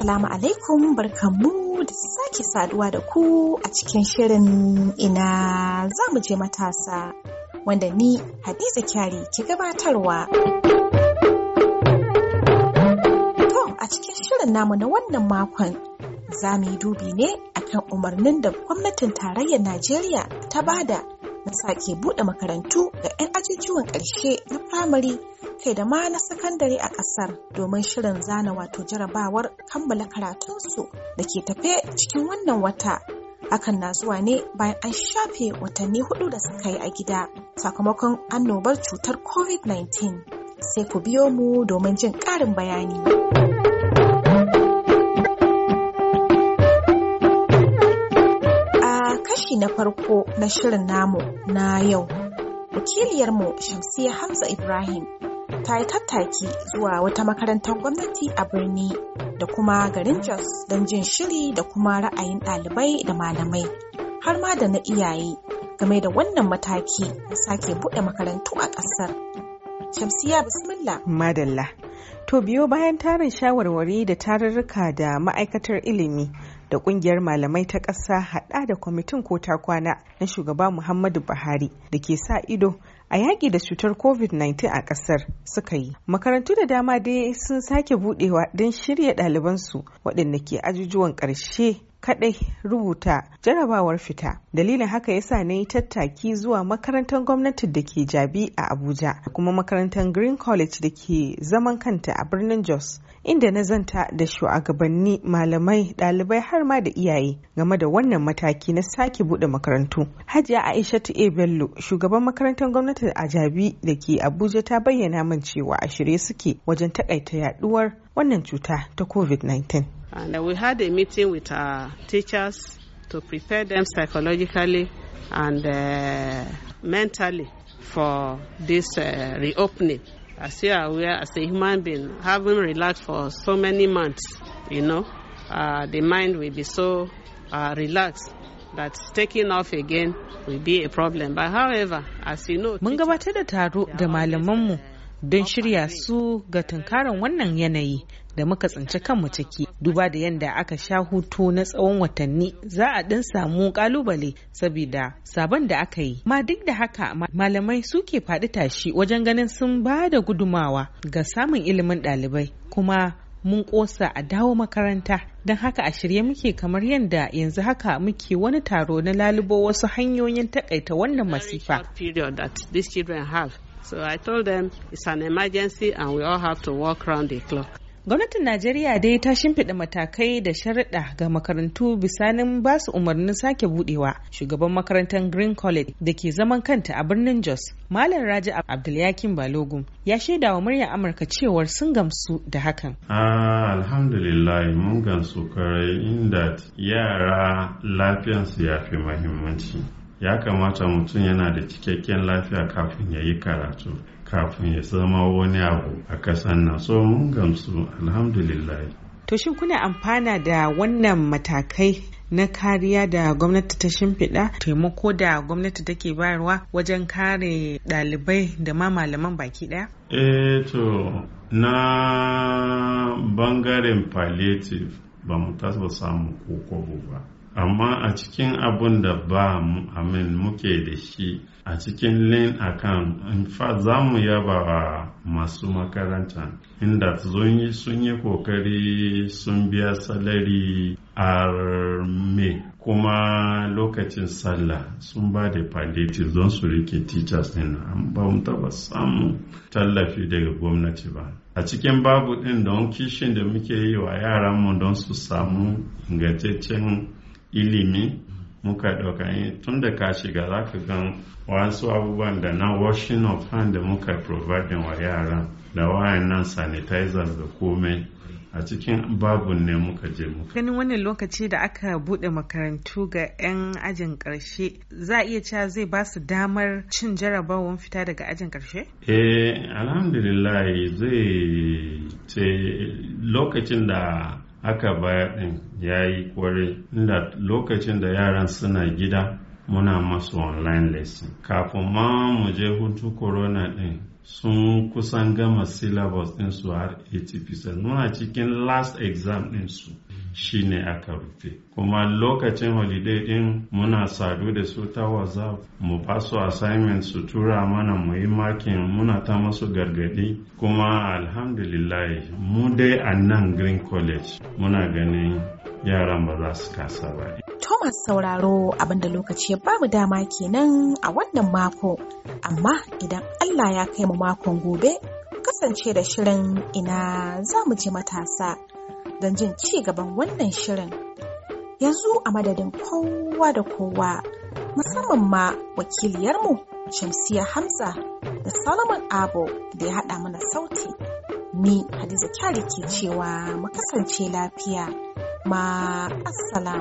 Assalamu alaikum barkanmu da sake saduwa da ku a cikin shirin ina za mu je matasa wanda ni Hadiza Kyari ke gabatarwa. To a cikin shirin namu na wannan makon za mu yi dubi ne akan umarnin da gwamnatin tarayyar Najeriya ta bada na sake buɗe makarantu ga 'yan ajujuwan ƙarshe na firamare kai da ma na sakandare a ƙasar domin shirin zana wato jarabawar kammala karatunsu da ke tafe cikin wannan wata. Hakan na zuwa ne bayan an shafe watanni hudu da suka yi a gida sakamakon annobar cutar COVID-19. Sai ku biyo mu domin jin ƙarin bayani. a kashi na farko na shirin namu na yau. Wakiliyarmu Shamsiyya Hamza Ibrahim ta yi tattaki zuwa wata makarantar gwamnati a birni da kuma garin Jos don jin shiri da kuma ra'ayin ɗalibai da malamai har ma da na iyaye game da wannan mataki na sake buɗe makarantu a ƙasar. Shamsiya Bismillah. Madalla. To biyo bayan tarin shawarwari da tarurruka da ma'aikatar ilimi da kungiyar malamai ta ƙasa hada da kwamitin ko kwana na shugaba Muhammadu Buhari da ke sa ido a yaƙi da cutar covid-19 a ƙasar suka yi makarantu da dama dai sun sake budewa don shirya ɗalibansu waɗanda ke ajujuwan ƙarshe kadai rubuta jarabawar fita dalilin haka yasa na yi tattaki zuwa makarantar gwamnati da ke jabi a abuja kuma makarantar green college da ke zaman kanta a birnin jos inda na zanta da shugabanni malamai ɗalibai har ma da iyaye game da wannan mataki na sake buɗe makarantu hajiya aishatu a bello shugaban makarantar gwamnati a jabi da ke abuja ta bayyana min cewa a shirye suke wajen takaita yaduwar wannan cuta ta covid-19 And uh, we had a meeting with our teachers to prepare them psychologically and uh, mentally for this uh, reopening. As you are aware, as a human being, having relaxed for so many months, you know, uh, the mind will be so uh, relaxed that taking off again will a problem. But however, as mun gabatar da taro da malamanmu uh, don shirya su ga tunkarar wannan yanayi da muka tsinci kanmu ciki duba da yadda aka sha hutu na tsawon watanni za a ɗin samu kalubale saboda sabon da aka yi ma duk da haka malamai suke faɗi tashi wajen ganin sun ba da gudumawa ga samun ilimin ɗalibai kuma mun ƙosa a dawo makaranta don haka a shirye muke kamar yadda yanzu haka muke wani taro na lalubo wasu hanyoyin taƙaita wannan masifa So I told them it's an emergency and we all have to work around the clock. Gwamnatin Najeriya dai ta shimfiɗa matakai da sharaɗa ga makarantu bisanin ba su umarnin sake buɗewa, Shugaban makarantar Green College da ke zaman kanta a birnin Jos, Malam Raja Abdulyakin Balogun ya shaida wa muryar Amurka cewar sun gamsu da hakan. Ah, alhamdulillah mun gamsu kare inda yara lafiyansu ya fi muhimmanci. ya kamata mutum yana da cikakken lafiya kafin ya yi karatu kafin ya zama wani abu a kasan na so mun gamsu alhamdulillah to shin kuna amfana da wannan matakai na kariya da gwamnati ta shimfiɗa taimako da gwamnati take bayarwa wajen kare ɗalibai da ma malaman baki ɗaya? E, to na bangaren palliative ba mu tasa samu koko ba amma a cikin abun da ba amin muke da shi a cikin lin akan in za mu yaba wa masu makaranta inda sun yi kokari sun biya salari a kuma lokacin sallah sun ba da palliative don su rike teachers din an ba mu taba samu tallafi daga gwamnati ba a cikin babu din don kishin da muke yi wa mu don su samu ingantaccen ilimi muka ɗauka eh, tun da ka shiga za ka gan wasu abubuwan da na washing of hand da muka providing wa yaran da nan sanitizers da komai a cikin babu ne muka je muka ganin wannan lokaci da aka bude makarantu ga 'yan ajin karshe za a iya cewa zai ba su damar cin jarabawan fita daga ajin karshe? eh alhamdulillah zai ce lokacin da aka baya ɗin ya yi kwarai inda lokacin da yaran suna gida muna masu online lesson kafin ma mu je hutu corona ɗin sun kusan gama syllabus ɗinsu har 80% nuna cikin last exam ɗinsu Shi ne aka rufe kuma lokacin holiday din muna sadu da su ta whatsapp mu ba su assignment su tura mana mu muna ta masu gargadi kuma alhamdulillah mu dai a nan green college muna ganin yaran ba za su kasa ba Thomas sauraro abinda lokaci ya babu dama kenan a wannan mako amma idan Allah ya kai mu makon gobe kasance da shirin ina za mu ji matasa don jin ci gaban wannan shirin. Yanzu a madadin kowa da kowa, musamman ma wakiliyarmu Shamsiya Hamza da Solomon Abo da ya haɗa mana sauti. Ni Hadiza Kyari ke cewa mu kasance lafiya. Ma